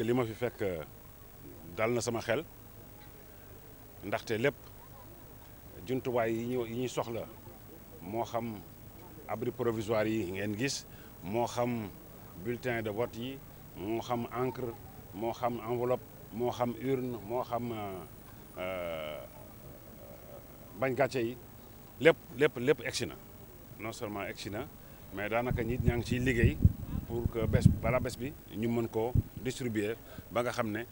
que li ma fi fekk euh, dal na sama xel ndaxte lépp jumtuwaay yi ñu yi ñuy soxla moo xam abri provisoire yi ngeen gis moo xam bulletin de vote yi moo xam encre moo xam enveloppe moo xam urne moo xam euh, euh, bañ gàcce yi lépp lépp lépp egsi na non seulement egsi na mais daanaka nit ñaa ngi ciy liggéey pour que bes balaa bés bi ñu mën koo distribuer ba nga xam ne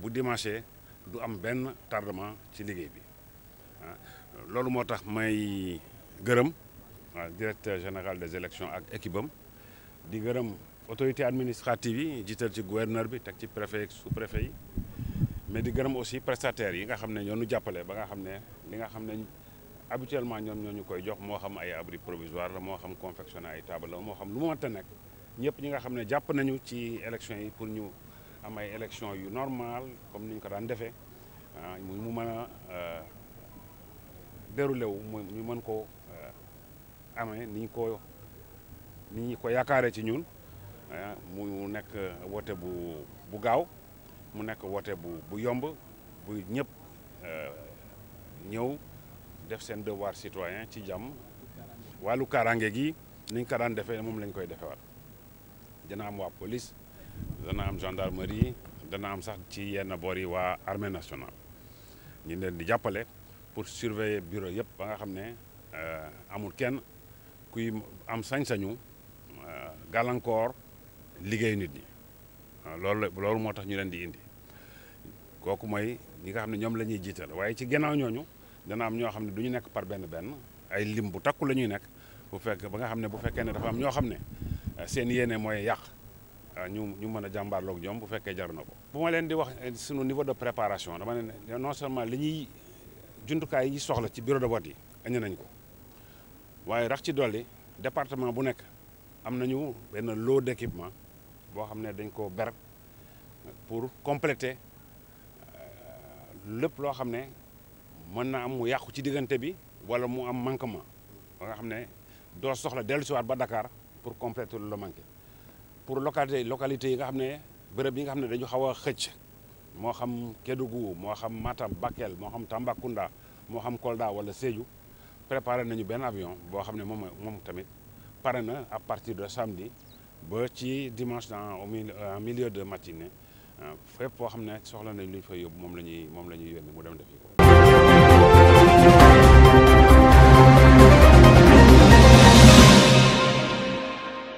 bu dimanche du am benn tardement ci liggéey bi ah, loolu moo tax may gërëm ah, directeur général des élections ak équipe di gërëm autorité administrative yi jiital ci gouverneur bi teg ci préfet yi sous préfet yi mais di gërëm aussi prestataires yi nga xam ne ñoo ñu jàppale ba nga xam ne li nga xam ne habituellement ñoom ñoo ñu koy jox moo xam ay abri provisoire moo xam confectionné ay table moo xam lu mu mënta nekk ñëpp ñi nga xam ne jàpp nañu ci élection yi pour ñu am ay élection yu normal comme ni ñu ko daan defee mu mën a déroulé wu ñu mën ko amee ni ko ni ko yaakaaree ci ñun ah, mu nekk woote bu bu gaaw mu nekk woote bu bu yomb bu ñëpp euh, ñëw def seen devoir citoyen ci jàmm wàllu kaaraange gi ni ñu ko daan moom lañ koy defewaat dana am waa police dana am gendarmerie dana am sax ci yenn boor yi waa armée nationale ñu leen di jàppale pour surveiller bureau yëpp ba nga xam ne euh, amul kenn kuy am sañ-sañu euh, gàllankoor liggéey nit ñi loolu loolu moo tax ñu leen di indi kooku mooy ñi nga xam ne ñoom la ñuy jiital waaye ci gannaaw ñooñu dana am ñoo xam ne du ñu nekk par benn benn ay lim bu takku la ñuy nekk bu fekk ba nga xam ne bu fekkee ne dafa am ñoo xam ne Euh, seen yéene mooy yàq euh, ñu ñu mën a jàmbaarloog ñoom bu fekkee jar na ko. bu ma leen di wax euh, sunu niveau de préparation dama ne non seulement li ñuy jumtukaay yi soxla ci bureau de vote yi añu nañ ko waaye rax ci dolli département bu nekk am nañu benn lot d' équipement boo xam ne dañ ko ber pour compléter lépp loo xam ne mën na am mu yàqu ci diggante bi wala mu am manquement ba nga xam ne doo soxla dellu dellusiwaat ba dakaar pour compléter lu la pour localité localité yi nga xam ne bërëb yi nga xam ne dañu xaw a xëcc moo xam Kédougou moo xam Matam Bakel moo xam Tambacounda moo xam Kolda wala Sédhiou préparé nañu benn avion boo xam ne moom moom tamit pare na à partir de samedi ba ci dimanche dans au milieu de matinée euh, fépp boo xam ne soxla nañ lu ñu fay yóbbu moom la ñuy moom la ñuy yónni mu dem defi ko